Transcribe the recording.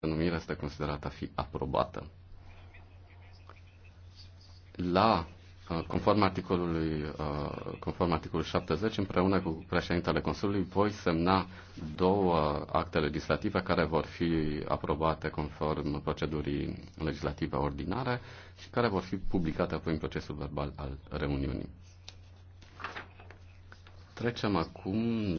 denumirea este considerată a fi aprobată. La, uh, conform articolului, uh, conform articolului 70, împreună cu președintele Consiliului, voi semna două acte legislative care vor fi aprobate conform procedurii legislative ordinare și care vor fi publicate apoi în procesul verbal al reuniunii. Trecem acum